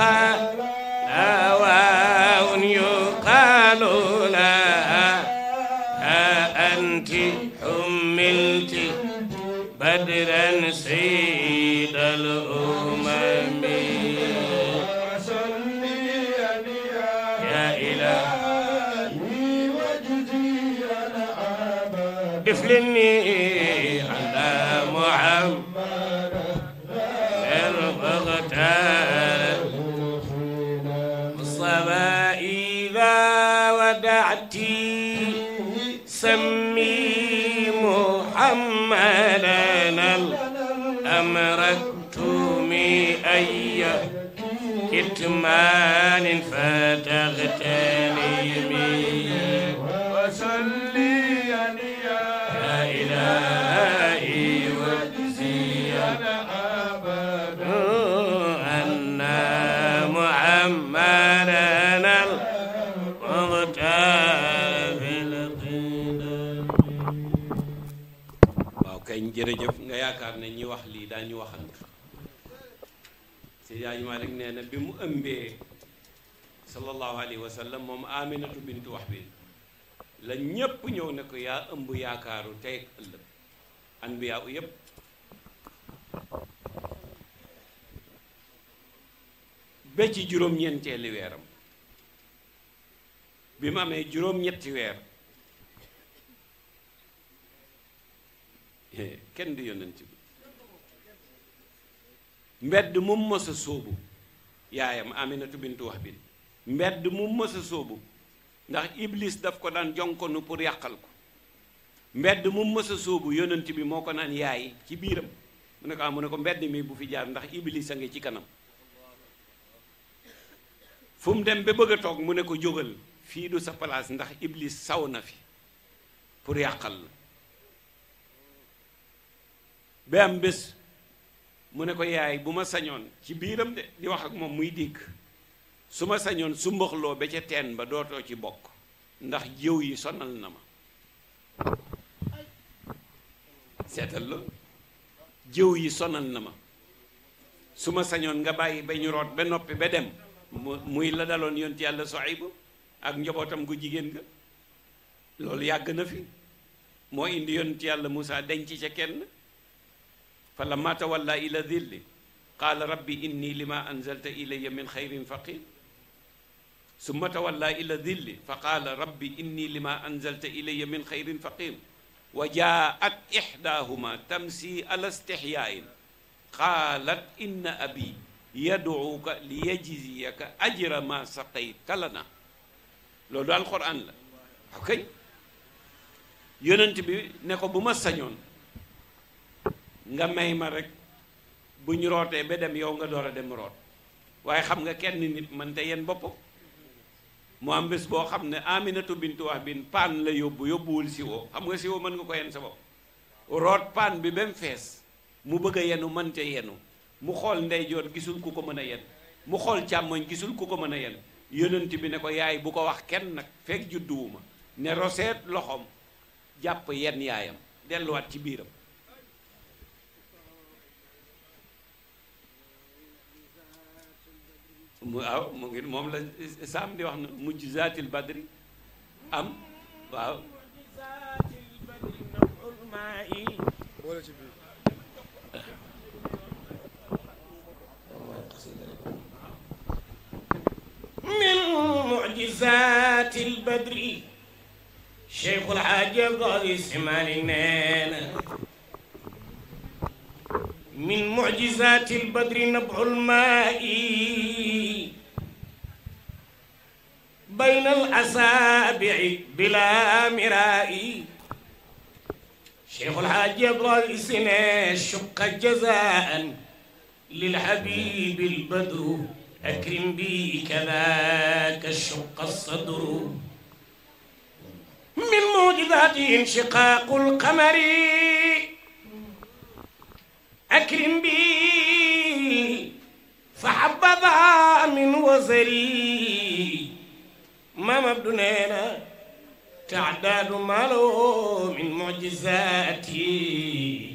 البقاء السماء إذا ودعت سمي محمدا الأمرت مئي كتمان فتغتني مني jërëjëf nga yaakaar ne ñi wax lii daañu waxantu Seydi Hadji Malick nee na bi mu ëmbee sallallahu alayhi wa sallam moom Aminatu bintu bi la ñépp ñëw ne ko yaa ëmb yaakaaru tey ak ëllëg anbiyaa u yépp ba juróom-ñeenteeli weeram bi mu amee juróom-ñetti weer kenn du yonent bi mbedd mu mës a sóobu yaayam aminatu bintu wax bin mbedd mu mës sóobu ndax iblis daf ko daan jonkonu pour yàqal ko mbedd mu mës a sóobu yonent bi moo ko naan yaay ci biiram mu ne ko am ah, mu ne ko mbedd mi bu fi jaar ndax iblis a ngi ci kanam fu mu dem ba bëgg a toog mu ne ko jógal fii du sa place ndax iblis saw na fi pour yàqal ba am bés mu ne ko yaay bu ma sañoon ci biiram de di wax ak moom muy dégg su ma sañoon su ba ca teen ba dootoo ci bokk ndax jëw yi sonal na ma seetal loolu jëw yi sonal na ma su ma sañoon nga bàyyi ba ñu root ba noppi ba dem muy la daloon yonent yàlla Suayb ak njabootam ku jigéen nga loolu yàgg na fi moo indi yonent yàlla musaa denc ca kenn fa lamma tawalla ila dilli qaala rabbi inni lima anzalta ilayya min xayrin faqir summa tawalla ila dilli fa qaala rabbi inni lima anzalta ilayya min xayrin faqir wa jaat ixdaahuma tamsi ala istixyaain qaalat inna abi yaduuka li yajziyaka ajra ma saqayta lana loolu alquran la ok yonent bi ne ko bu ma sañoon nga may ma rek bu ñu rootee ba dem yow nga door a dem root waaye xam nga kenn nit man te yéen bopp mu am bés boo xam ne Aminatu bintu wax bin paan la yóbbu yóbbuwul siwo xam nga siwo mën nga ko yenn sa bopp root paan bi ba mu fees mu bëgg a yenu man te yenu mu xool ndeyjoor gisul ku ko mën a yenn mu xool càmmoñ gisul ku ko mën a yen yonent bi ne ko yaay bu ko wax kenn nag fekk judduwuma ne roseet loxoom jàpp yenn yaayam delluwaat ci biiram mu waaw mu ngi moom la saam di wax na mujjizaatil badri am waaw min mujjizaatil badri Cheikhul Hadj Abdoulaye Simaali nee na min mucjizaati albadri nabcu lmaai bayna alasaabici bila miraai cheikh alhaaji abdoulaye Sy ne shukka jazaan lilhabibi albadru akrim bi kadaka shukka sadru min mucjizaati inshiqaaqu alqamari أكرم بي فحبذا من وزري ما مبدنا تعداد ماله من معجزاتي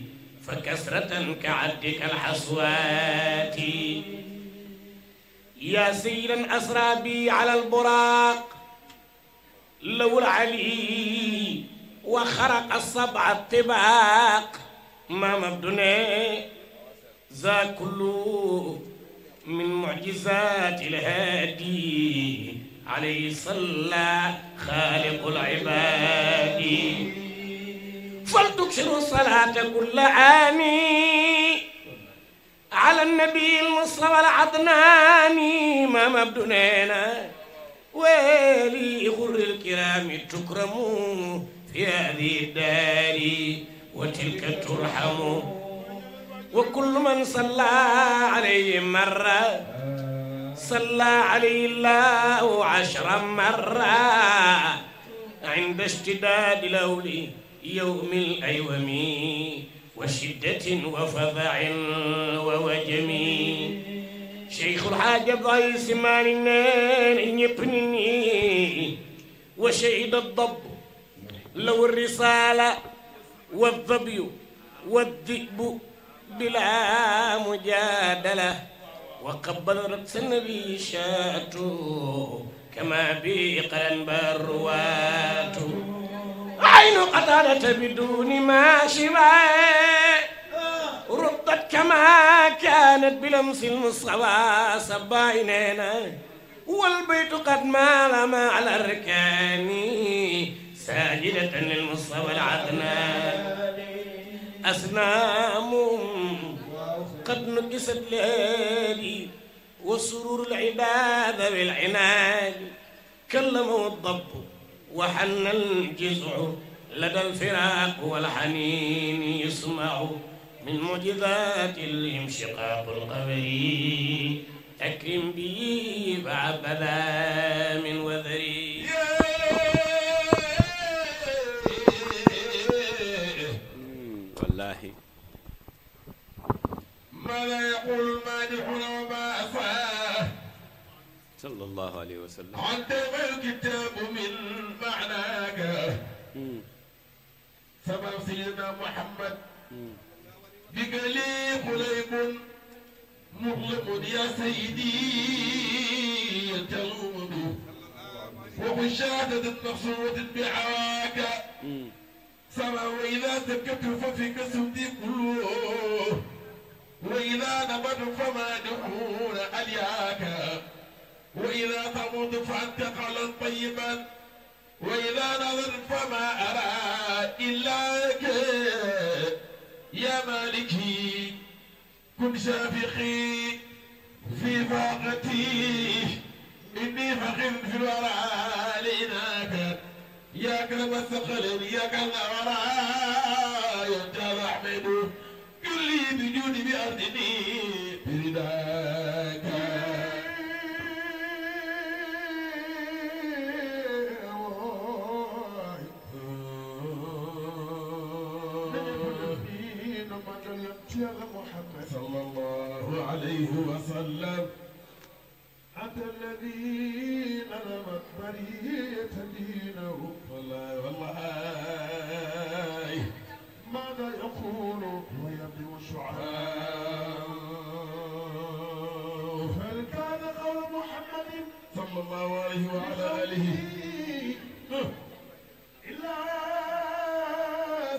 فكسرة كعدك الحصوات يا سيدا أسرى بي على البراق لو العلي وخرق السبع الطباق maam Abdu ne za kullu min mucjizaati alhaadi alayhi salla xaaliqu libaadi fal tuksiru salaata kulla aami ala nabi almustafa aladnaani maam Abdu neena weeli xurri alkiraami tukramu fi hadi daari وتلك ترحم وكل من صلى عليه مرة صلى عليه الله عشر مرة عند اشتداد لول يوم الأيوم وشدة وفظع ووجم شيخ الحاج ضيس مالنان يبني وشهد الضب لو الرسالة والظبي والذئب بلا مجادلة وقبل رأس النبي شاة كما بيق الأنبار روات عين قطرة بدون ما شباه ردت كما كانت بلمس المصطفى سباينينا والبيت قد مال ما على الركان ساجدة للمصطفى العدنان أصنام قد نكست ليالي وسرور العباد بالعناد كلمه الضب وحن الجزع لدى الفراق والحنين يسمع من معجزات الانشقاق القبري تكرم به فعبدا من وذري فلا يقول المادحون وما أفاه صلى الله عليه وسلم عندما الكتاب من معناك سبب سيدنا محمد بك لي قليب مغلق يا سيدي يتلوم ومشاهدة مقصود بعواك سمع وإذا سكت ففيك سودي كله وإذا نبت فما دحور ألياك وإذا ثمود فانتقل طيبا وإذا نظر فما أرى إلاك يا مالكي كن شافقي في فاقتي إني فقير في الورى لإناك يا كرم الثقلين يا كرم الورى بجود بأرضني برداك صلى الله عليه وسلم أنت الذي نظمت برية دينه والله والله sallallahu alayhi wa ala alihi illa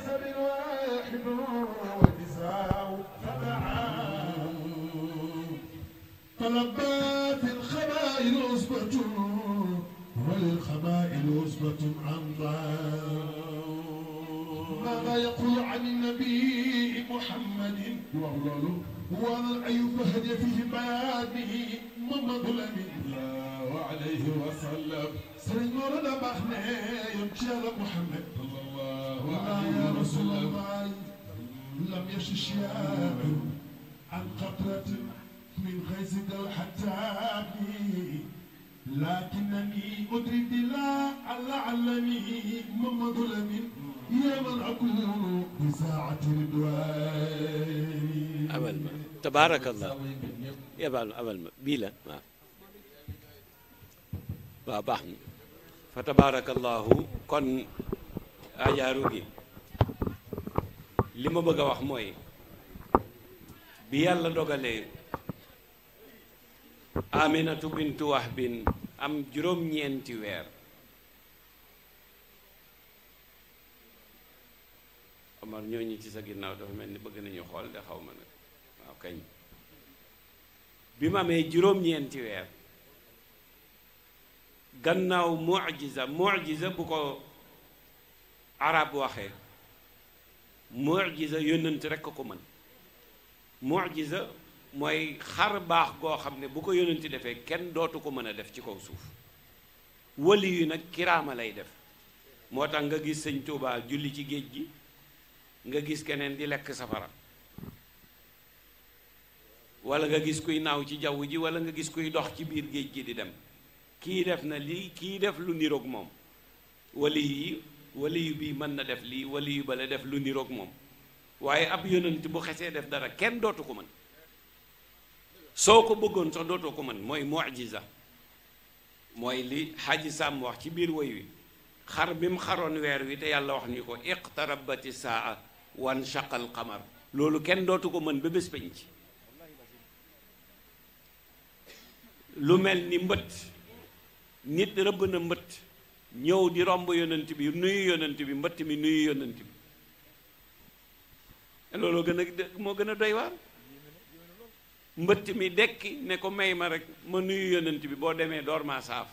sabin wahid wa tisau fata'am طلبات الخبائل عصبة وللخبائل عصبة عمضاء ماذا يقول عن النبي محمد وأولاده وأنا الأيوب هدي فيه بيانه محمد الأمين alayhi wa sallam sëriñ Maodo da baax ne yom ci yàlla Muhammad sallallahu alayhi wa sallam lam yashi shiab an qatratin min ghayz dal hattabi lakinani udri bila la'allani Mamadou Lamine ya man akunu bi saa'ati ridwani abal ma tabarakallah abal ma bii la waaw waa baax na fa tabaarakallaahu kon ajaaru gi li ma bëgg a wax mooy bi yàlla dogalee aminatu bintu wahbin am juróom-ñeenti weer Omar ñooñu ci sa ginnaaw dafa mel ni bëgg nañu xool de xaw ma nag waaw kañ bi ma amee juróom-ñeenti weer gannaaw mujiza mujiza bu ko arab waxee mujiza yónnante rekk ko mën mujiza mooy xar baax goo xam ne bu ko yónnante defee kenn dootu ko mën a def ci kaw suuf wali yu nag kiraama lay def moo tax nga gis sëñ Tuubaa julli ci géej gi nga gis keneen di lekk safara walla nga gis kuy naaw ci jaww ji walla nga gis kuy dox ci biir géej gi di dem kii def na lii kii def lu niroog moom wali yi wali yu bii mën na def lii wali yu bale def lu niroog moom waaye ab yonent bu xesee def dara kenn dootu ko mën soo ko bëggoon sax dootoo ko mën mooy mujiza mooy li xaaji sàmm wax ci biir woy wi xar bi mu xaroon weer wi te yàlla wax ni ko iqtarabati saa wan shaqal qamar loolu kenn dootu ko mën ba bés penc lu mel ni mbët nit rëbb na mbëtt ñëw di romb yonent bi nuyu yonent bi mbëtt mi nuyu yonent bi looloo gën a moo gën a doy waar mbëtt mi dekki ne ko may ma rek ma nuyu yonent bi boo demee door maa saaf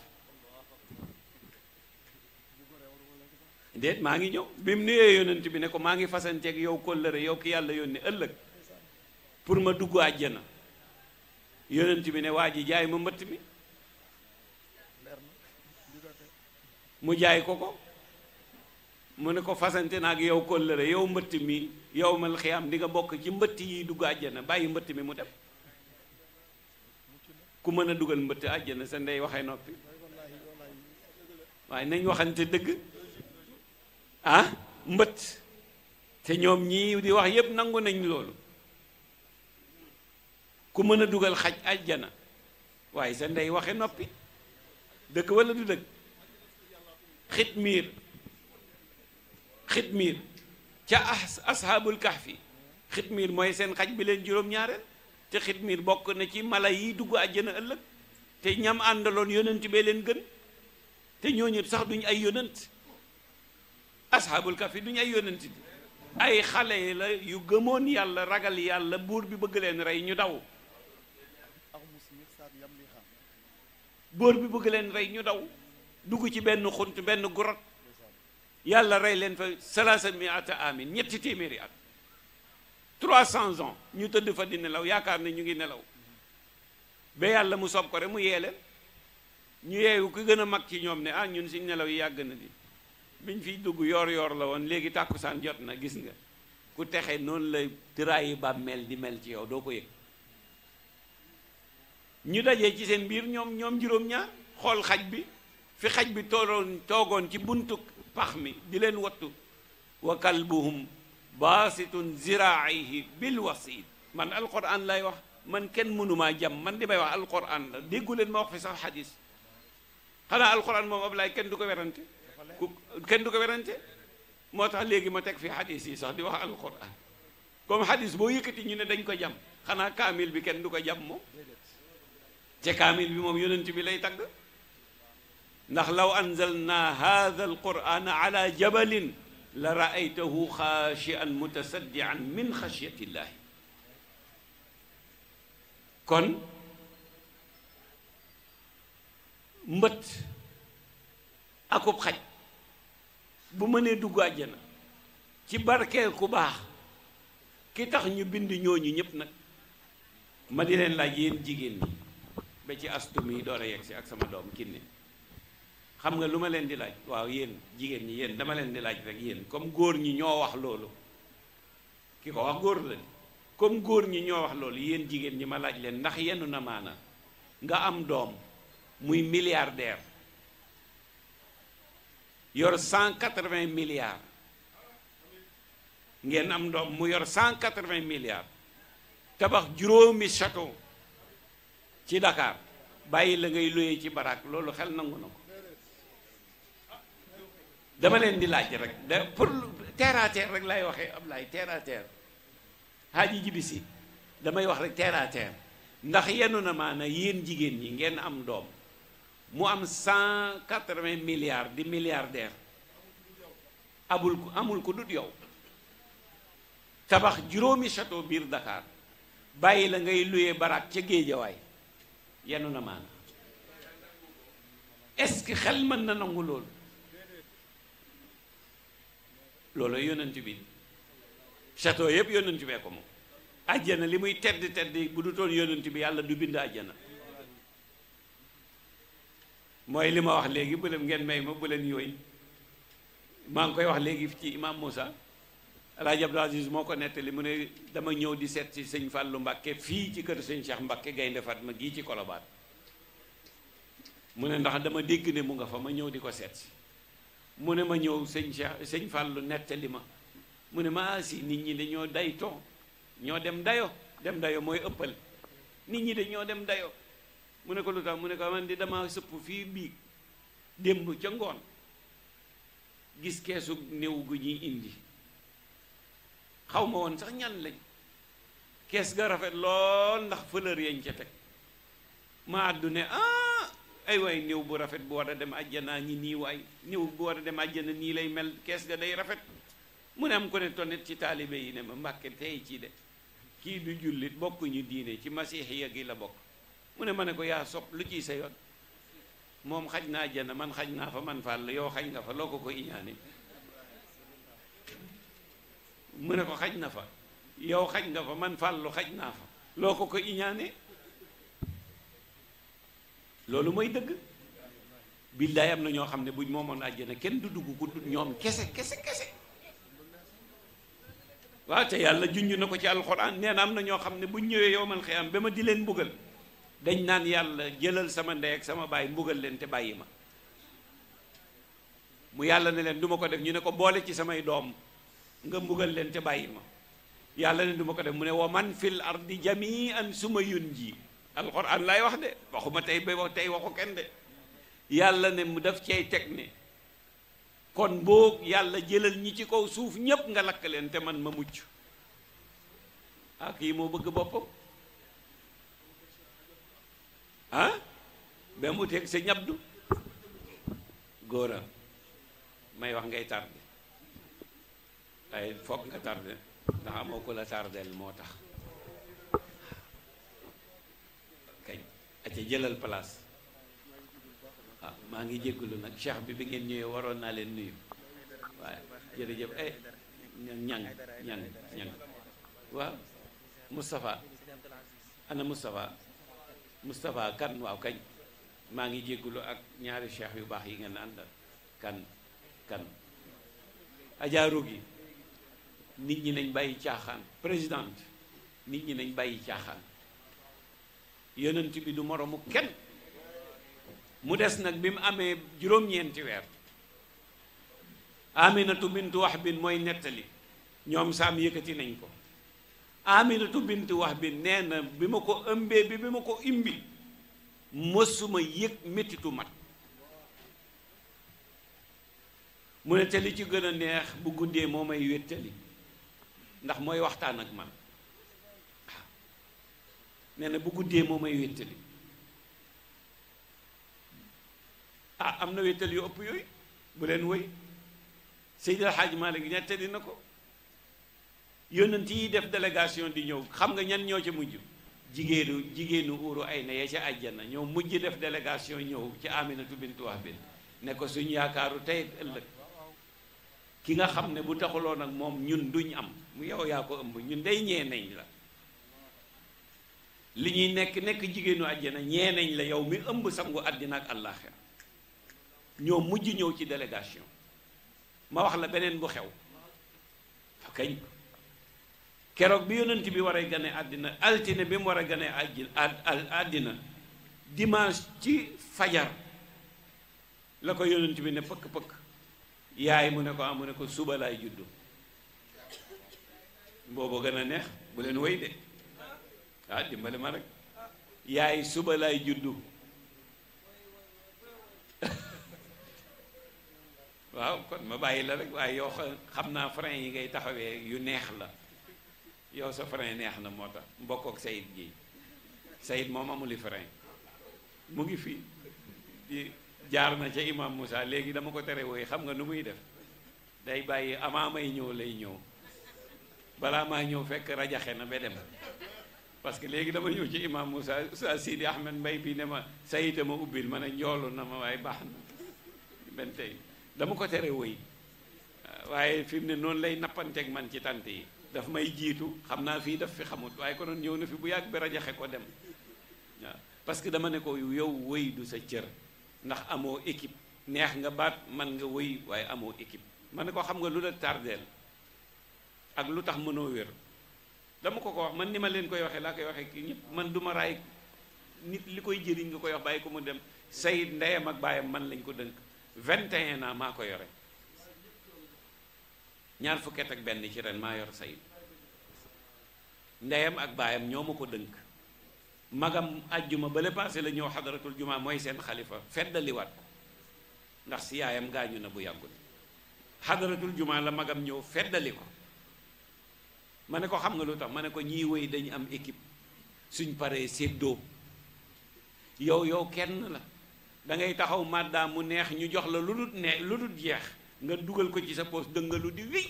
déet maa ngi ñëw bi mu nuyee yonent bi ne ko maa ngi fasanteeg yow kóllëre yow ki yàlla yónni ëllëg pour ma dugg àjjana yonent bi ne waa ji jaay ma mbëtt mi mu jaay ko ko mu ne ko fasante na ak yow kóllëre yow mbëtt mi yow mal xiyaam di nga bokk ci mbëtt yi dugg àjjana bàyyi mbëtt mi mu dem ku mën a dugal mbëtt àjjana sa ndey waxee noppi nañ waxante dëgg ah mbëtt te ñoom ñii di wax yépp nangu nañ loolu ku mën a dugal xaj àjjana waaye sa ndey waxe noppi dëgg walla du dëgg xitmiir xitmiir ca ashaabul kahfi xitmiir mooy seen xaj bi leen juróom-ñaareel te xitmiir bokk na ci mala yi dugg àjjana ëllëg te ñam àndaloon yonent bee leen gën te ñooñu sax duñ ay yonent ashaabul kahfi duñ ay yonent di ay xale la yu gëmoon yàlla ragal yàlla buur bi bëgg leen rey ñu daw buur bi bëgg leen rey ñu daw dugg ci benn xunt benn gorot yàlla rey leen fa salaasa miata amin ñetti téeméeri at trois cents ans ñu tëdd fa di nelaw yaakaar ne ñu ngi nelaw ba yàlla mu soob ko rek mu yee leen ñu yeewu ku gën a mag ci ñoom ne ah ñun suñ nelaw yi yàgg na di biñ fiy dugg yoor yoor la woon léegi tàkkusaan jot na gis nga ku texe noonu lay tiraayi bàmmeel di mel ci yow doo ko yëg ñu dajee ci seen biir ñoom ñoom juróom-ñaar xool xaj bi fi xaj bi tolloon toogoon ci buntu pax mi di leen wattu wa kalbuhum baasitun ziraayihi bil wasid man alquran lay wax man kenn mënumaa jam man di may wax alquran la déggu leen ma wax fi sax xadis xanaa alquran moom Ablaay kenn du ko werante ku kenn du ko werante moo tax léegi ma teg fi xadis yi sax di wax alquran kom xadis boo yëkkati ñu ne dañ ko jam xanaa kaamil bi kenn du ko jam moom kaamil bi moom yonent bi lay tagg ndax law anzalna hada alqurana ala jabalin la raaytahu xaashian mutasaddian min xashyatillahi kon mbët akub xaj bu mënee dugg àjjana ci barkeel ku baax ki tax ñu bind ñooñu ñépp nag ma di leen laaj yéen jigéen ñi ba ci astu mi door a yegg ak sama doom kinne xam nga lu ma leen di laaj waaw yéen jigéen ñi yéen dama leen di laaj rek yéen comme góor ñi ñoo wax loolu ki ko wax góor la comme góor ñi ñoo wax loolu yéen jigéen ñi ma laaj leen ndax yenn na maana nga am doom muy milliardaire yor cent quatre-vingts milliards ngeen am doom mu yor cent quatre-vingts milliards tabax juróomi château ci dakaar bàyyi la ngay luyee ci barak loolu xel nangu na dama leen di laaj rek da pour terre à rek lay waxee am laay terre à terre Haaji damay wax rek terre ndax yenu na maana yéen jigéen ñi ngeen am doom mu am cent quatre-vingts milliards di milliardaire abul amul ko dut yow tabax juróomi château biir Dakar bàyyi la ngay luye baraat ca géejawaay yenu na maana est-ce que xel mën na nangu loolu looloo yonent bi château yëpp yonent bee ko moom àjjana li muy tedd tedd bu du toon yonent bi yàlla du bind àjjana mooy li ma wax léegi bu leen ngeen may ma bu leen yooyu maa ngi koy wax léegi ci imam Moussa Alaaji Abdou moo ko nettali mu ne dama ñëw di seet si sëñ Fàllu mbakke fii ci kër sëñ Cheikh Mbàkke Gaynde Fatma gii ci Kolobaat mu ne ndax dama dégg ne mu nga fa ma ñëw di ko seet si mu ne ma ñëw sëñ Cheikh sëñ Fallou nettali ma mu ne ma ah, si nit ñi dañoo daytoo ñoo dem dayo dem dayo mooy ëppal nit ñi dañoo dem dayo mu ne ko lu tax mu ne ko man di dama sëpp fii biig démb ca ngoon gis keesu néew gu ñuy indi xaw ma woon sax ñan lañ kees ga rafet lool ndax fëlër yañ ca teg ma àddu ne ah, ay waay néew bu rafet bu war a dem àjjanaa ñi nii waay néew bu war a dem àjjana nii lay mel kees ga day rafet mu ne am ko ne tonet ci taalibe yi ne ma mbàkke tey ci de kii du jullit bokkuñu diine ci masiixiya gi la bokk mu ne ma ne ko yaa sob lu ciy sa yoon moom xaj naa àjjana man xaj naa fa man fàll yow xaj nga fa loo ko ko iñaane mu ne ko xaj na fa yow xaj nga fa man fàllu xaj naa fa loo ko ko iñaane loolu mooy dëgg billaay am na ñoo xam ne buñ moomoon àjjana kenn du dugg ku ñoom kese kese kese waaw te yàlla junj na ko ci alxuraan nee na am na ñoo xam ne buñ ñëwee yowmal xiyaam ba ma di leen mbugal dañ naan yàlla jëlal sama ndey ak sama baay mbugal leen te bàyyi ma mu yàlla ne leen duma ko def ñu ne ko boole ci samay doom nga mbugal leen te bàyyi ma yàlla ne du ma ko def mu ne wa man fil ardi jamian suma yoon jii alxuraan laay wax de waxuma tey ba tey waxu kenn de yàlla ne mu def cey teg ne kon boog yàlla jëlal ñi ci kaw suuf ñépp nga lakk leen te man ma mucc ah kii moo bëgg boppam ah ba mu teg sa ñabdu góora may wax ngay tardé ay foog nga tardé ndax amoo ko la tardel moo tax aca jëlal place waaw ah, maa ngi jégalu nag cheikh bi bi ngeen ñëwee waroon naa leen nuyu waaye jërëjëf eh ñang ñang ñang waaw Moustapha ana Moustapha Moustapha kan waaw kañ maa ngi jégalu ak ñaari cheikh yu baax yi ngeen àndal kan kan ajaaru gi nit ñi nañ bàyyi caaxaan président nit ñi nañ bàyyi caaxaan yonent bi du moroomu kenn mu des nag bi mu amee juróom-ñeenti weer aminatu bintu wax bin mooy nettali ñoom saam yëkkati nañ ko aminatu bintu wax bin nee na bi ma ko ëmbee bi bi ma ko imbi mësuma yëg métitu mag mu ne te li ci gën a neex bu guddee moo may wéttali ndax mooy waxtaan ak man nee na bu guddee moo may wéttali ah am na wéttal yu ëpp yooyu bu leen woy Seydi El Hadji Malick nettali na ko yónnent yi def délégation di ñëw xam nga ñan ñoo ca mujj jigéenu jigéenu uuru ay na ya ca àjjana ñoo mujj def délégation ñëw ci Aminatu bintu Wahb ne ko suñ yaakaaru tey ak ëllëg ki nga xam ne bu taxuloo nag moom ñun duñ am mu yow yaa ko ëmb ñun day ñee nañ la li ñuy nekk nekk jigéenu àjjana ñee nañ la yow mi ëmb sangu àddina ak àllaaxira ñoo mujj ñëw ci délégation ma wax la beneen bu xew fa keroog bi yonent bi war a gane àddina altine bi mu war a gane àddina dimanche ci fajar la ko yonent bi ne pëkk pëkk yaay mu ne ko am ah, mu ne ko suba laay juddu boobu gën a neex bu leen wéy de ah dimbali ma rek yaay suba laay juddu waaw kon ma bàyyi la rek waaye yow xam naa frein yi ngay taxawee yu neex la yow sa frein neex na moo tax mbokk ak gi Sayid moom amuli frein mu ngi fi jaar na ca imam Moussa léegi dama ko tere woy xam nga nu muy def day bàyyi avant may ñëw lay ñëw balaa maa ñëw fekk rajaxe na ba dem parce que léegi dama ñëw ci imam Moussa Oustaz Sidi Ahmed Mbay bi ne ma sayita ma ubbil ma ne njoolu na ma waaye baax na benn tey dama ko tere woy waaye fi ne noonu lay nappanteeg man ci tant yi daf may jiitu xam naa fii daf fi xamut waaye konoon ñëw na fi bu yàgg bi rajaxe ko dem waaw parce que dama ne ko yow woy du sa cër ndax amoo équipe neex nga baat man nga woy waaye amoo équipe ma ne ko xam nga lu la tardeel ak lu tax mënoo wér dama ko ko wax man ni ma leen koy waxee laa koy waxee kii ñëpp man du ma raay nit li koy jëriñ nga koy wax bàyyi ko mu dem say ndeyam ak baayam man lañ ko dënk 21 ans maa ko yore ñaar fukki ak benn ci ren maa yor sayid ndeyam ak baayam ñoo ma ko dënk magam ajjuma bale passé la ñëw xadaratul jumaa mooy seen xalifa feddaliwaat ko ndax si yaayam gaañu na bu yàggul xadaratul juma la magam ñëw feddali ko ma ne ko xam nga lu tax ma ne ko ñiy woy dañu am équipe suñ paree séddoo yow yow kenn la dangay taxaw madda mu neex ñu jox la lu dul neex lu dul jeex nga dugal ko ci sa poos dëngalu di wi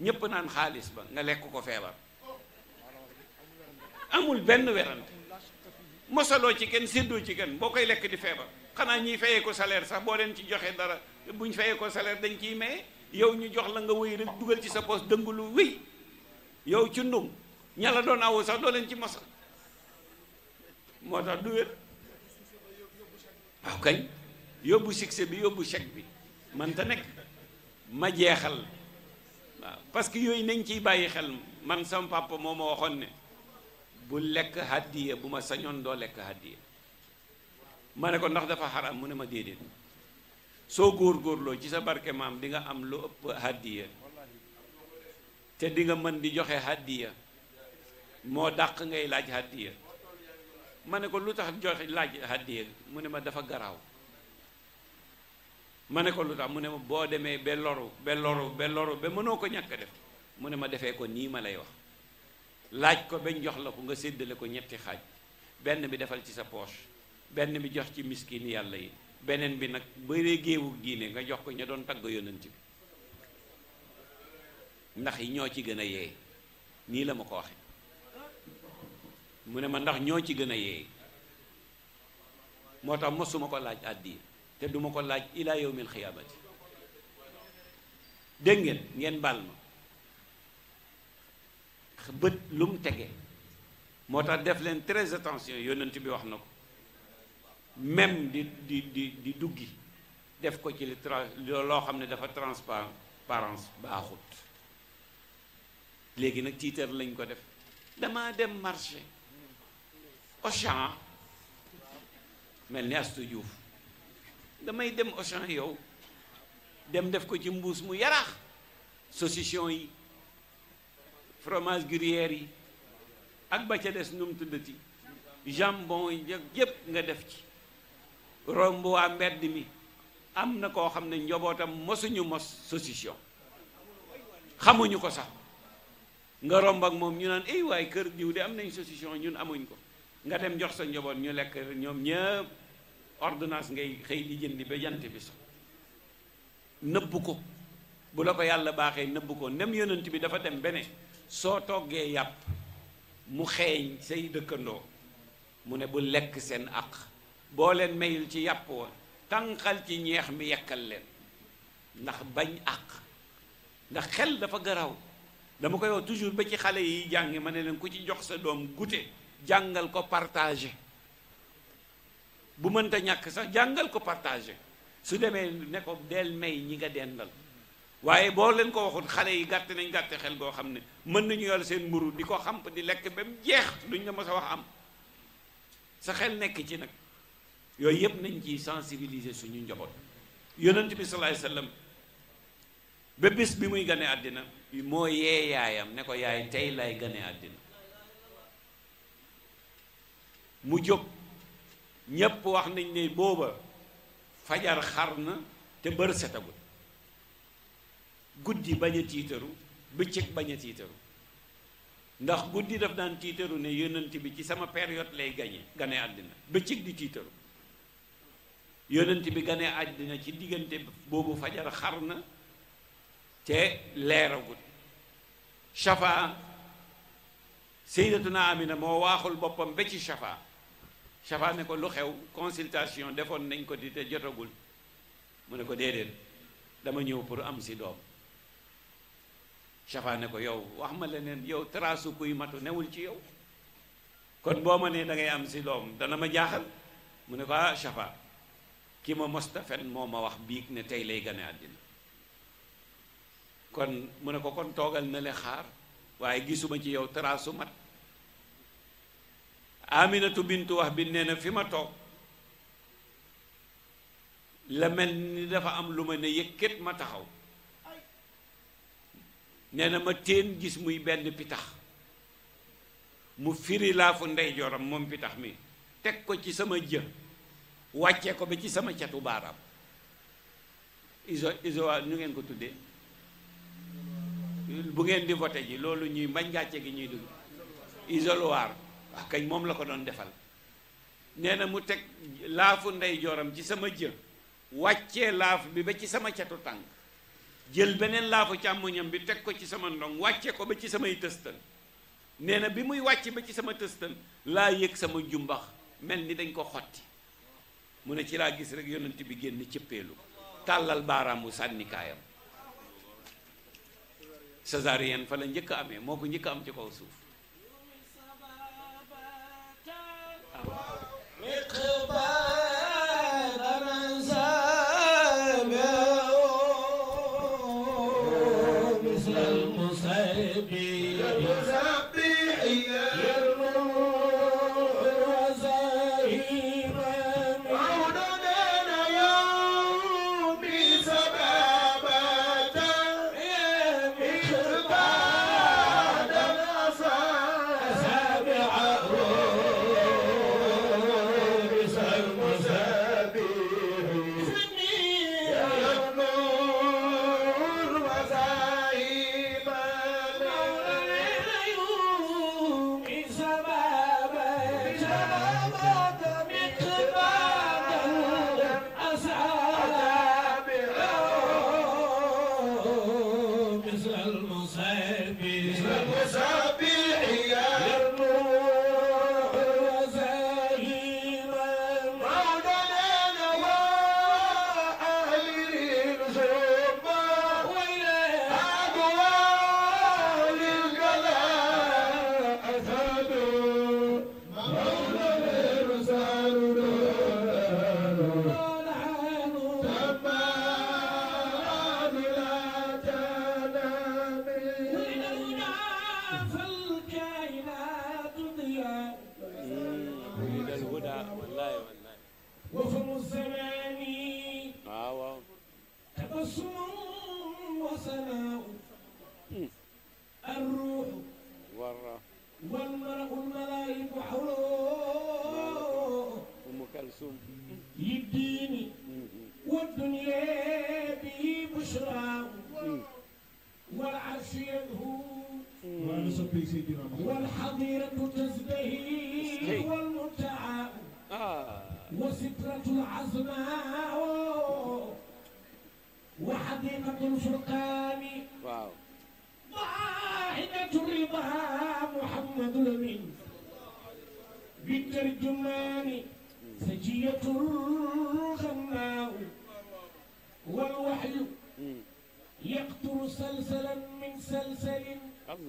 ñépp naan xaalis ba nga lekk ko feebar amul benn werante mosaloo ci kenn séddoo ci kenn boo koy lekk di feebar xanaa ñuy fayee ko salaire sax boo leen ci joxee dara buñ fayee ko salaire dañ ciy maye yow ñu jox la nga wéy rek dugal ci sa poos dëngalu wéy yow ci ndum ñala doon awu sax doo leen ci mos moo tax du wér waaw kañ yóbbu succès bi yóbbu chèque bi man te nekk ma jeexal waaw parce que yooyu nañ ciy bàyyi xel man sama papa moo ma waxoon ne bu lekk hàddiya bu ma sañoon doo lekk hàddiya ma ne ko ndax dafa xaram mu ne ma déedéet soo góor góorloo ci sa barke maam di nga am lu ëpp hàddiya te di nga mën di joxe hàddiya moo dàq ngay laaj hàddiya ma ne ko lu tax joxe laaj hàddiya mu ne ma dafa garaaw ma ne ko lu tax mu ne ma boo demee ba loru ba loru ba loru ba mënoo ko ñàkk def mu ne ma defee ko nii ma lay wax laaj ko bañ jox la ko nga séddale ko ñetti xaaj benn bi defal ci sa poche benn bi jox ci miskin yàlla yi beneen bi nag bëree géewug diine nga jox ko ña doon tagg yonent bi ndax yi ñoo ci gën a yeey nii la ma ko waxee mu ne ma ndax ñoo ci gën a yeey moo tax mosuma ko laaj àddi te duma ko laaj ilaa yawmil xiyaamati dégg ngeen ngeen baal ma bët lu mu tege moo tax def leen très attention yonent bi wax na ko même di di di di duggi def ko ci li tra loo xam ne dafa transparence baaxut léegi nag tiitar lañ ko def damaa dem marché Auchan mel ni Astou Diouf damay dem Auchan yow dem def ko ci mbuus mu yaraax saucisson yi fromage gruyère yi ak ba ca des nu mu tuddati jambon yi yépp nga def ci romb waa mbedd mi am na koo xam ne njobootam mosuñu mos saucisson xamuñu ko sax nga romb ak moom ñu naan ay eh, waaye kër diw de am nañ solution ñun amuñ ko nga dem jox sa njaboot ñu lekk ñoom ñëpp ordonnance ngay xëy di jëndi ba jant bi so nëbb ko bu la ko yàlla baaxee nëbb ko ndem yonent bi dafa dem bene soo toggee yàpp mu xeeñ say dëkkandoo mu ne bu lekk seen àq boo leen mayul ci yàpp wa tànqal ci ñeex mi yekkal leen ndax bañ àq ndax xel dafa garaw dama koy wax toujours ba ci xale yi jàngi ma ne leen ku ci jox sa doom goûter jàngal ko partager bu mënta ñàkk sax jàngal ko partager su demee ne ko del may ñi nga dendal waaye boo leen ko waxut xale yi gàtt nañ gàtte xel boo xam ne mën nañu yor seen mburu di ko xamp di lekk ba mu jeex duñ la mës a wax am sa xel nekk ci nag yooyu yëpp nañ ci sensibiliser suñu njaboot yonent bi sallallahu alayhi wasallam ba bi muy ganee àddina moo yee yaayam ne ko yaay tey lay gane àddina mu jóg ñépp wax nañ ne booba fajar xar na te bër guddi bañ a tiitaru bëccëg bañ tiitaru ndax guddi daf daan tiitaru ne yonent bi ci sama période lay gañe gane àddina bëccëg di tiitaru yonent bi gane àddina ci diggante boobu fajar xar na te leeragut shafaa seydatuna amina moo waaxul boppam ba ci shafaa shafaa ne ko lu xew consultation defoon nañ ko di te jotagul mu ne ko déedéet dama ñëw pour am si doom shafaa ne ko yow wax ma leneen yow trasu kuy matu newul ci yow kon boo ma nee dangay am si doom dana ma jaaxal mu ne ko ah shafaa ki ma mosta fen moo ma wax biig ne tey lay gane àddina kon mu ne ko kon toogal na le xaar waaye gisuma ci yow taraasu mat aminatu bintu wax bi nee na fi ma toog la mel ni dafa am lu ma ne yëkkat ma taxaw nee na ma teen gis muy benn pitax mu firi laa fu ndeyjooram moom pitax mi teg ko ci sama jë wàcce ko ba ci sama catu baaraam iso iso ñu ngeen ko tuddee bu ngeen di voté ji loolu ñuy mbañ gàcce gi ñuy dugg isoloir waaw ah, kañ moom la ko doon defal nee na mu teg laafu ndeyjooram ci sama jë wàccee laaf bi ba ci sama catu tànk jël beneen laafu càmmoñam bi teg ko ci sama ndong wàcce ko ba ci samay tëstal nee na bi muy wàcc ba ci sama tëstal laa yëg sama jumbax mel ni dañ ko xotti mu ne ci laa gis rek yonent bi génn cëppeelu tàllal baaraamu sànnikaayam césarienne fa la njëkk amee moo ko njëkk am ci kaw suuf waaw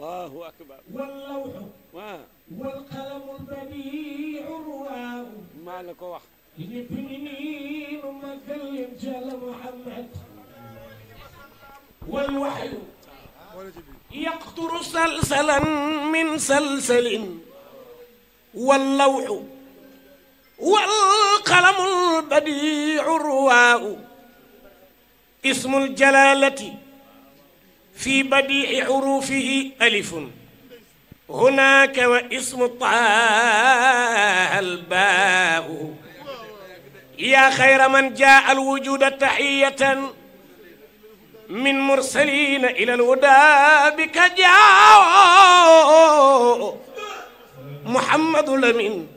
allahu akbar wallawxu waa walqalamu lbadiicu ruwaaw maa la ko wax لابنين مكلم جل محمد والوحي يقطر سلسلا من سلسل واللوح والقلم البديع الرواء اسم الجلاله في بديع حروفه ألف هناك واسم طه الباء يا خير من جاء الوجود تحية من مرسلين إلى الودى بك جاء محمد لمن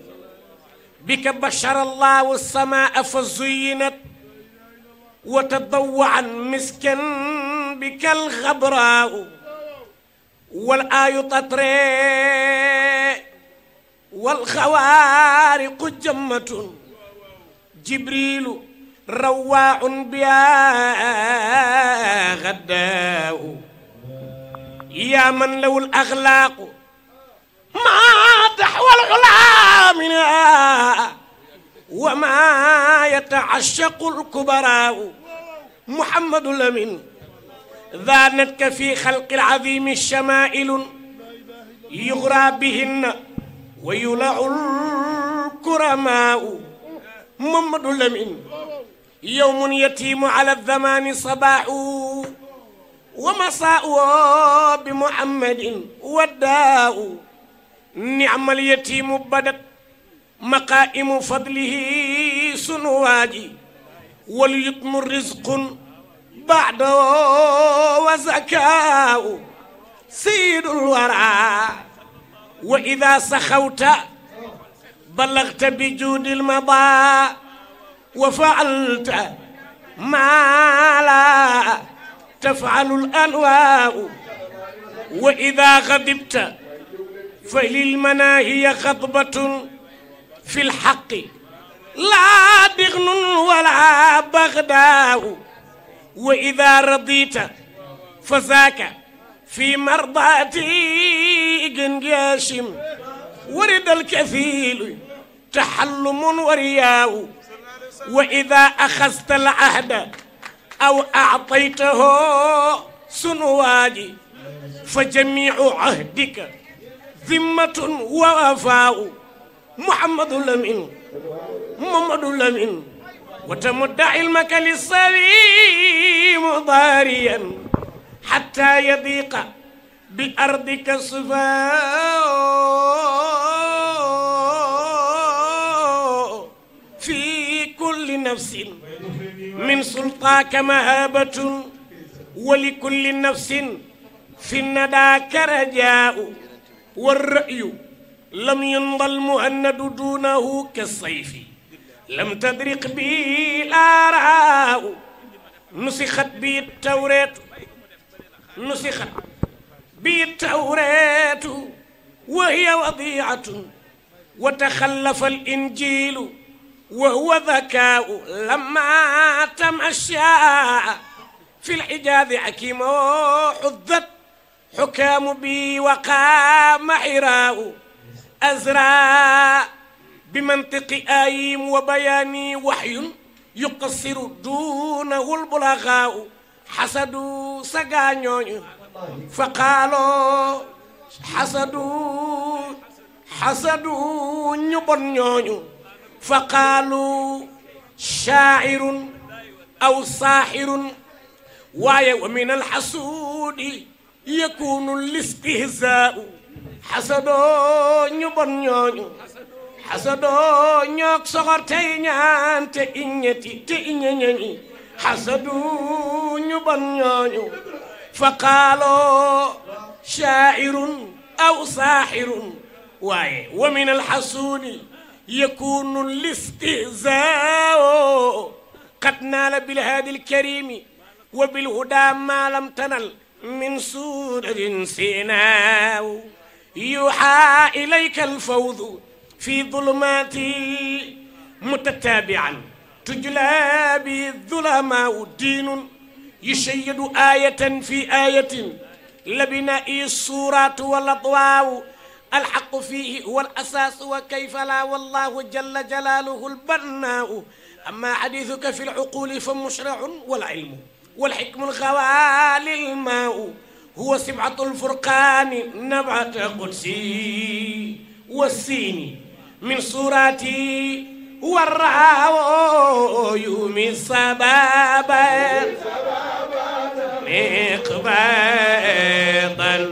بك بشر الله السماء فزينت وتضوعا مسكا بك الغبراء والآي تطري والخوارق جمة جبريل رواع بها غداء يا من لو الأخلاق ما دحو العلا منها wa maa yataashaqu alkubaraaw Muhammadu Lamin daa natka fi xalqi alazimi shamaa'ilun yuxraa bihinna wa yulaau alkuramaaw Muhammadu Lamin yowmun yatiimu ala alzamaani sabaaxu wa masaa'u bi Muhammadin waddaaw nicma alyatiimu badat maqaa'imu fadlihi sunu waaji wal yutmu rizqun baado wa zakaawu sayyidul waraa wa idaa saxawta balagta bi juudil madaa wa faalta maa laa tafalul anwaawu wa idaa gadibta fa lil manaahiya xadbatun في الحق لا دغن ولا بغداه وإذا رضيت فذاك في مرضاتي جنجاشم ورد الكفيل تحلم ورياء وإذا أخذت العهد أو أعطيته سنواجي فجميع عهدك ذمة ووفاء محمد لمين محمد لمين وتمدع المكل السوي مضاريا حتى يضيق بأرضك الصفاء في كل نفس من سلطاك مهابة ولكل نفس في الندى كرجاء والرأي lam yungal muannadu duunahu ka sayfi lam tadriq bi laaraahu nusixat bi tawreetu nusixat bi tawreetu wa hiya wadiatun wa taxallafa al injilu wa huwa dakaau lamma tamashaa fi lxijaadi akimo xuddat xukaamu bi waqaama xiraahu أزرى بمنطق آيم وبياني وحي يقصر دونه البلغاء حسدوا سقانيون فقالوا حسدوا حسدوا نبنيون فقالوا شاعر أو ساحر ومن الحسود يكون الاستهزاء xasadoo ñu bon ñooñu xasadoo ñoog soxor tey ñaan te iññeti te iññeñi xasadu ñu bon ñooñu fa qaaloo shaa'irun aw saaxirun waaye wa min alxasuudi yakunu listihzaao qad naala bilhaadi alkarimi wa bilhuda ma lam tanal min suudatin siinaaw يوحى إليك الفوز في ظلمات متتابعا تجلى بالظلماء دين يشيد آية في آية لبناء الصورات والأضواء الحق فيه هو الأساس وكيف لا والله جل جلاله البناء أما حديثك في العقول فمشرع والعلم والحكم الغوالي الماء huwa sib'atul furqaani nab'ata qudsi wa siini min surati wa raawo yumi sababa miqbadan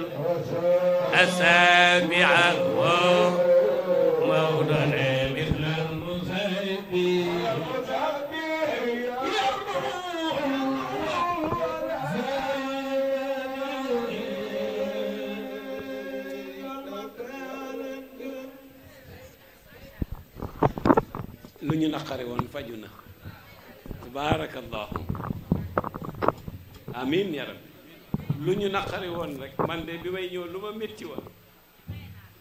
asabi'ahu ñu naqari woon faju na tabaarakallahu amin ya rabbi lu ñu naqari woon rek man de bi may ñëw lu ma métti woon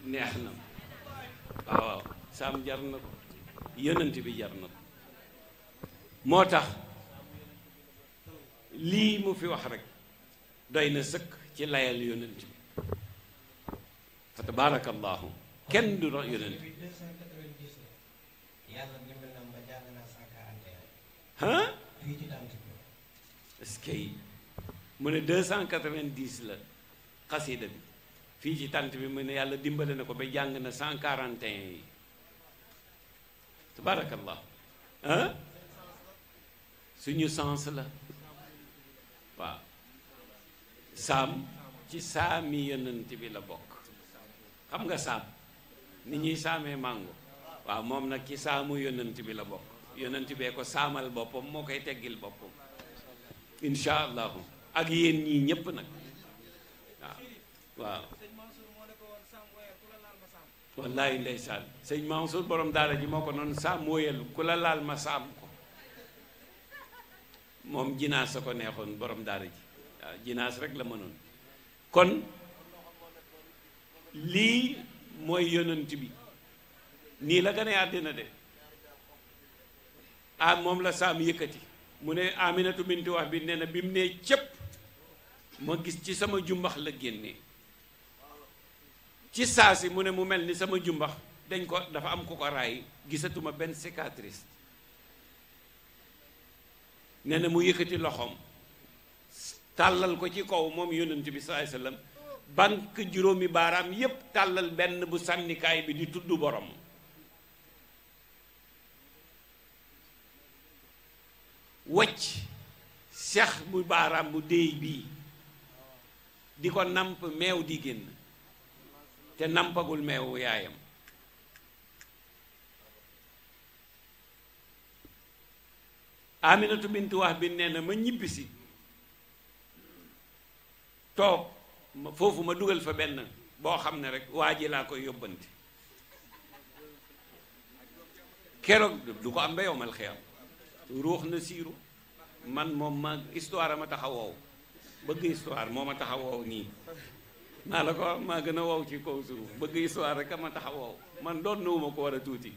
neex na ma waaw waaw saam jar na ko yonent bi jar na ko moo tax lii mu fi wax rek doy na sëkk ci layal yonent bi fa tabaarakallahu kenn du dox yonent ah mu ne deux cent quatre la xasida bi fii ci tànt bi mu ne yàlla dimbali na ko ba jàng na cent quarante et un yi tabarakallah ah suñu sens la waaw saam ci saami yonent bi la bokk xam nga saam ni ñuy saamee màngo waaw moom nag ci saamu yonent bi la bokk yonent bee ko saamal boppam moo koy teggil boppam incha allahu ak yéen ñii ñépp nag waaw waaw wallaay ndeysaan sëñ Mansour borom daara ji moo ko noonu saam wóoyalu ku la laal ma saam ko moom jinaas sa ko neexoon borom daara ji waaw jinaas rek la mënoon kon lii mooy yonent bi nii la gane àddina de ah moom la saam yëkkati mu ne aminatu binti wax bi nee na bi mu nee cëpp ma gis ci sama jumbax la génnee ci saa si mu ne mu mel ni sama jumbax dañ ko dafa am ko ko raay gisatuma benn cicatrice nee na mu yëkkati loxoom tàllal ko ci kaw moom yonent bi saai sallam banque juróomi baaraam yépp tàllal benn bu sànnikaay bi di tudd borom wacc sex bu baaraam bu déey bii di ko namp meew di génn te nampagul meewu yaayam Aminatu bintu wax bi nee ma ñibbisi toog foofu ma dugal fa benn boo xam ne rekk waa ji laa koy yóbbante keroog du ko am ba yomal xeyam ruux na siiru man moom ma histoire ma tax a wow bëgg histoire moo ma tax a wow nii maa la ko maa gën a wow ci kaw suuf bëgg histoire rek ma tax a wow man doon nuwuma ko war a tuuti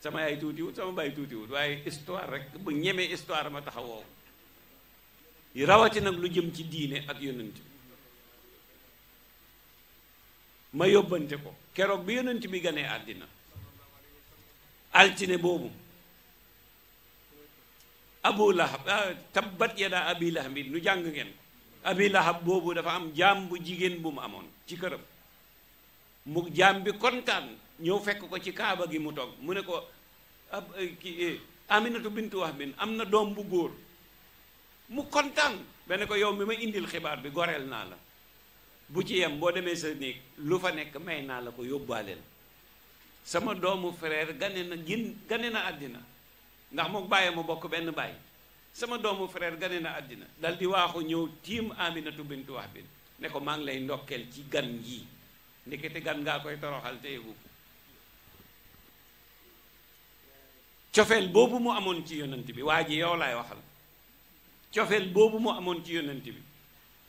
sama yaay tuutiwut sama baay tuutiwut waaye histoire rek bu ñemee histoire ma tax a wow rawati nag lu jëm ci diine ak yonent ma yóbbante ko keroog bi yonent bi ganee àddina altine boobu abu lahab ah, tabbat yadaa abi lahabin nu jàng ngeen abi lahab boobu dafa am jaam bu jigéen bu mu amoon ci këram mu jaam bi kontaan ñëw fekk ko ci kaaba gi mu toog mu ne ko ab eh, ki eh, aminatu bintu wahbin am na doom bu góor mu kontaan ba ne ko yow mi ma indil xibaar bi goreel naa la bu ci yem boo demee sa néeg lu fa nekk may naa la ko yóbbaaleel sama doomu frère gane na gin gane na àddina ndax moo bàyyee ma bokk benn bàyyi sama doomu frère gane na àddina dal di waaxu ñëw tiim Aminatu bintu bi ne ko maa ngi lay ndokkeel ci gan yii ndekete gan ngaa koy toroxal te yëgu ko cofeel boobu mu amoon ci yonant bi waa ji yow laay waxal cofeel boobu mu amoon ci yonant bi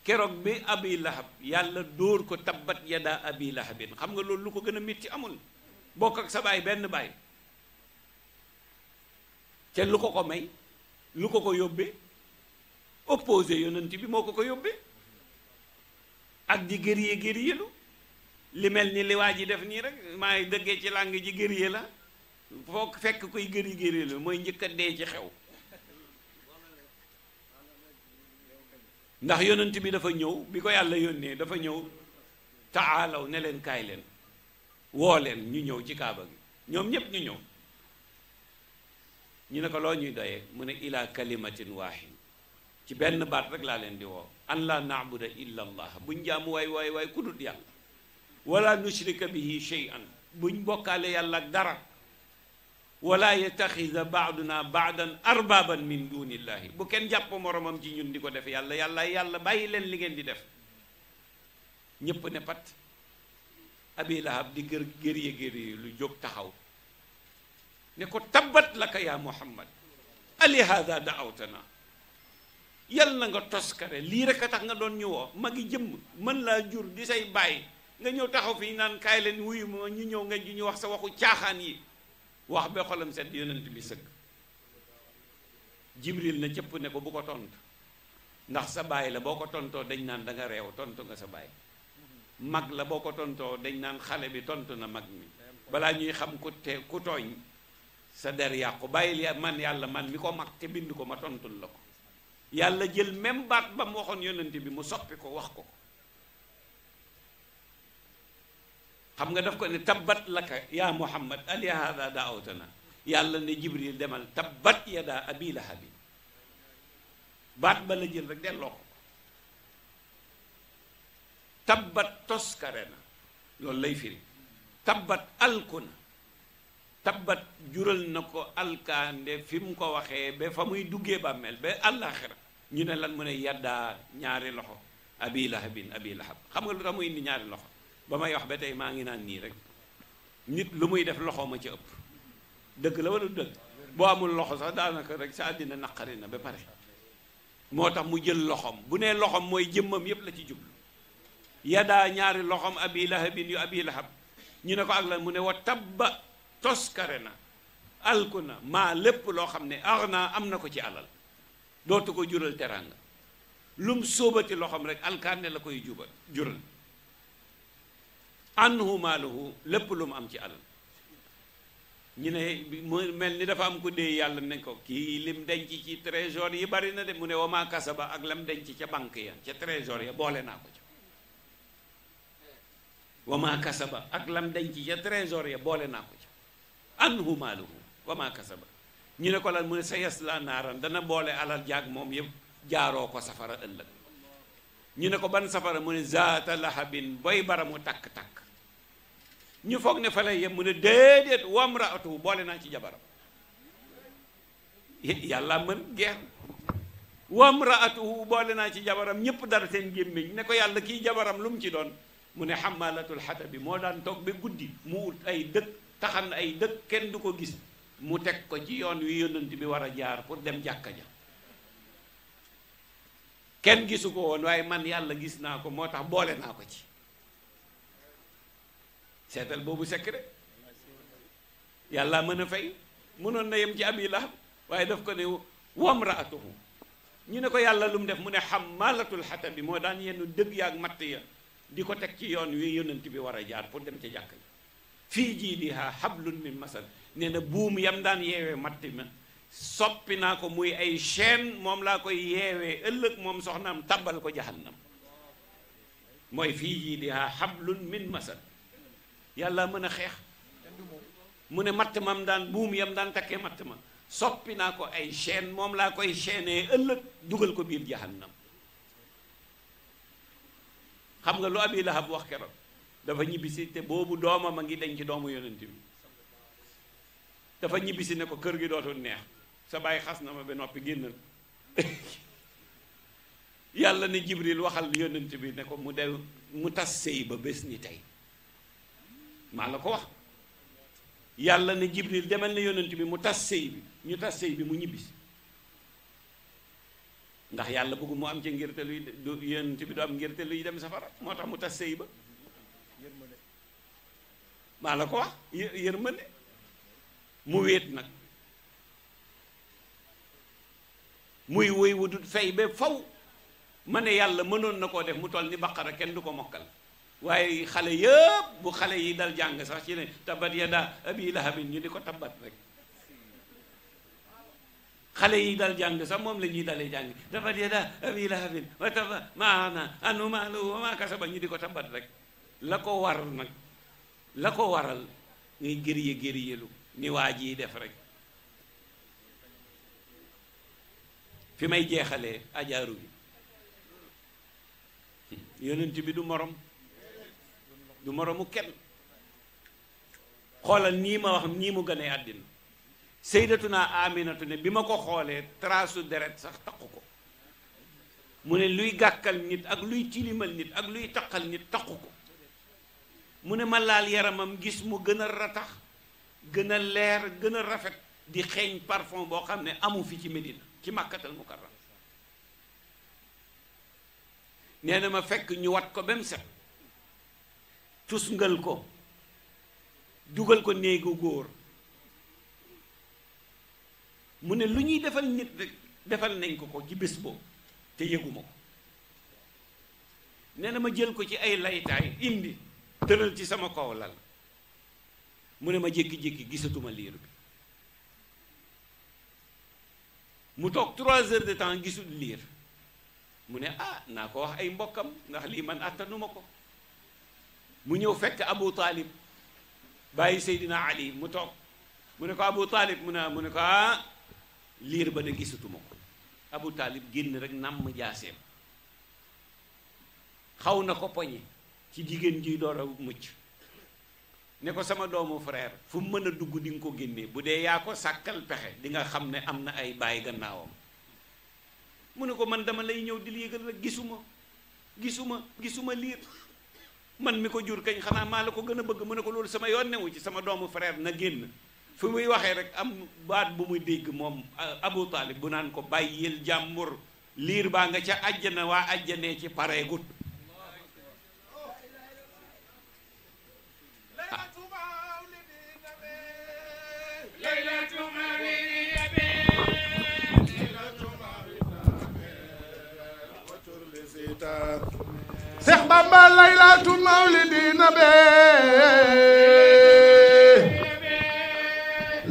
keroog bi abi lahab yàlla dóor ko tabbat yadaa abi lahabin xam nga loolu lu ko gën a métti amul bokk ak sa baay benn baay te lu ko ko may lu ko ko yóbbee opposé yonent bi moo ko ko yóbbee ak di gëriyee gëriyelu li mel ni li waa ji def nii rek maa ngi dëggee ci làng ji gëriye la foo fekk koy gëri gëriyelu mooy njëkkat a dee ci xew ndax yonent bi dafa ñëw bi ko yàlla yónnee dafa ñëw taalaw ne leen kaay leen woo leen ñu ñëw ci kaaba gi ñoom ñépp ñu ñëw ñu ne ko loo ñuy doyee mu ne ila kalimatin waaxid ci benn baat rek laa leen di woo an laa naabuda illa allah buñ jaamu waay waay waay ku dul yàlla wala nushrika bihi shay'an buñ bokkaale yàlla ak dara wala yataxida baaduna baadan arbaaban min dunillahi bu kenn jàpp moromam ci ñun di ko def yàlla yàlla yàlla bàyyi leen li ngeen di def ñépp ne pat abi lahab di gër gërye gërye lu jóg taxaw ne ko tabbat laka yaa muhammad ali hada da awtana yal na nga toskare lii rek a tax nga doon ñëwoo woo magi jëmm mën laa jur di say bàyyi nga ñëw taxaw fi naan kaay leen wuyu ma ñu ñëw nga ju ñu wax sa waxu caaxaan yi wax ba xolam set yonent bi sëgg jibril na cëpp ne ko bu ko tontu ndax sa bàyyi la boo ko tontoo dañ naan da nga réew tontu nga sa bàyyi mag la boo ko tontoo dañ naan xale bi tontu na mag mi balaa ñuy xam ku te ku tooñ sa der yàqu bàyyil man yàlla man mi ko mag te bind ko ma tontul la ko yàlla jël même baat ba mu waxoon yonent bi mu soppi ko wax ko ko xam nga def ko ni tabbat laka yaa muhammad ali hada daawtana yàlla ne jibril demal tabbat yada abi lahabi baat ba la jël rek delloo ko tabbat toskare na loolu lay firi tabbat alku tabbat jural na ko alkaande fi mu ko waxee ba fa muy duggee bàmmeel ba àllaaxira ñu ne lan mu ne yaddaa ñaari loxo abi lahabin xam nga lu tax muy indi ñaari loxo ba may wax ba tey maa ngi naan nii rek nit lu muy def loxo ma ci ëpp dëgg la wala dëgg boo amul loxo sax daanaka rek sa àddina naqari na ba pare moo tax mu jël loxom bu nee loxom mooy jëmmam yépp la ci jublu yaddaa ñaari loxom abi lahabin yu abi ñu ne ko ak lan mu ne wa toskare na alku na maa lépp loo xam ne arna am na ko ci alal dootu ko jural teraanga lum sóobati loxoom rek alkaane la koy jubal jural anhu maaluhu lépp lu mu am ci alal ñu ne mu mel ni dafa am ko dee yàlla ne ko kii lim denc ci trésor yi bari na de mu ne wamaa kasaba ak lam denc ca banque ya ca trésor ya boole naa ko ca wamaa kasaba ak lam denc ca trésor ya boole naa ko ca anhu maaluhu wa maa kasaba ñu ne ko lan mu ne sa yes la naaran dana boole alal jaag moom yépp jaaroo ko safara ëllëg ñu ne ko ban safara mu ne zaata lahabin boy baramu takk-takk ñu foog ne fa lay yem mu ne déedéet wamraatu boole naa ci jabaram yàlla mën geer wamraatuhu boole naa ci jabaram ñépp dara seen gémmiñ ne ko yàlla kii jabaram lu mu ci doon mu ne xamalatul xata bi moo daan toog ba guddi mu ut ay dëkk taxan ay dëkk kenn du ko gis mu teg ko ci yoon wi yonent bi war a jaar pour dem jàkka ja kenn gisu ko woon waaye man yàlla gis naa ko moo tax boole naa ko ci seetal boobu secret yàlla mën a fay mënoon na yem ci abi lahab waaye daf ko ne wamraatuhu ñu ne ko yàlla lu mu def mu ne xamalatul xata bi moo daan yenn dëgg yaak matt ya di ko teg ci yoon wi yonent bi war a jaar pour dem ca jàkka ja fii jiidihaa hablun min masad nee na buum yam daan yeewee matt ma soppi naa ko muy ay chaîne moom laa koy yeewee ëllëg moom soxnaam tàbbal ko jahannam mooy fii jiidihaa hablun min masad yàlla mën a xeex mu ne matt mam daan buum yam daan takkee matt ma soppi naa ko ay chaîne moom laa koy chaînee ëllëg dugal ko biir jahannam xam nga lu abi lahab wax keroog dafa ñibbisi te boobu doomam a ngi denc doomu yonent bi dafa ñibbisi ne ko kër gi dootul neex sa bàyyi xas na ma ba noppi génnal yàlla ne jibril waxal yonent bi ne ko mu dem mu tas sëy ba bés ni tey maa la ko wax yàlla ne jibril demal ne yonent bi mu tas sëy bi ñu tas sëy bi mu ñibbisi ndax yàlla bëgg mu am ci ngirte luy yonent bi du am ngirte luy dem safara moo tax mu tas sëy ba maa la ko wax yërmande mu wéet nag muy woy wudut fay ba faw ma ne yàlla mënoon na koo def mu toll ni baqara kenn du ko mokkal waaye xale yëpp bu xale yi dal jàng sax ci ne tabat yada abi lahabin ñu di ko tabat rek xale yi dal jàng sax moom la ñuy dalee jàng tabat yada abi lahabin wa taba maana anu maalu wa ma kasaba ñu di ko tabat rek la ko war nag la ko waral ngay gërye gëryelu ni waa ji def rek fi may jeexalee ajaaru bi yonent bi du morom du moromu kenn xoolal nii ma wax nii mu gënee àddina seydatu seydatuna aminatu ne bi ma ko xoolee traasu deret sax taqu ko mu ne luy gàkkal nit ak luy tilimal nit ak luy taqal nit taqu ko mu ne ma laal yaramam gis mu gën a rattax gën a leer gën a rafet di xeeñ parfon boo xam ne amu fi ci Medina ci màkkatal mu nee neena ma fekk ñu wat ko ba mu set tusngal ko dugal ko néegu góor mu ne lu ñuy defal nit rek defal nañ ko ko ci bés boobu te yëguma ko nee na ma jël ko ci ay laytaay indi tëral ci sama kow lal mu ne ma jékki-jékki gisatuma liir bi mu toog trois heures de temps gisul liir mu ne ah naa ko wax ay mbokkam ndax lii man attanuma ko mu ñëw fekk Abu Talib bàyyi Seydina Ali mu toog mu ne ko Abu Talib mu ne mu ne ko ah liir ba de gisatuma ko Abu Talib génn rek nàmm jaaseem xaw na ko poñe ci jigéen jiy door a mucc ne ko sama doomu frère fu mu mën a dugg di ko génnee bu dee yaa ko sàkkal pexe di nga xam ne am na ay bàyyi gannaawam mu ne ko man dama lay ñëw di yëgal rek gisuma gisuma gisuma liir man mi ko jur kañ xanaa maa la ko gën a bëgg mu ne ko loolu sama yoon newu ci sama doomu frère na génn fi muy waxee rek am baat bu muy dégg moom Abu Taalib bu naan ko bàyyil jàmbur liir baa nga ca àjjana waa àjjanee ci pareegut Seex Bamba laylatu mawlidi nabi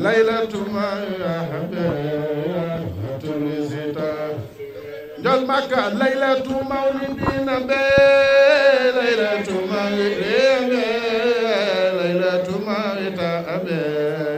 laylatu mahabatul zita njol Makka laylatu mawlidi nabi laylatu mawlidi nabi laylatu mawlidi nabi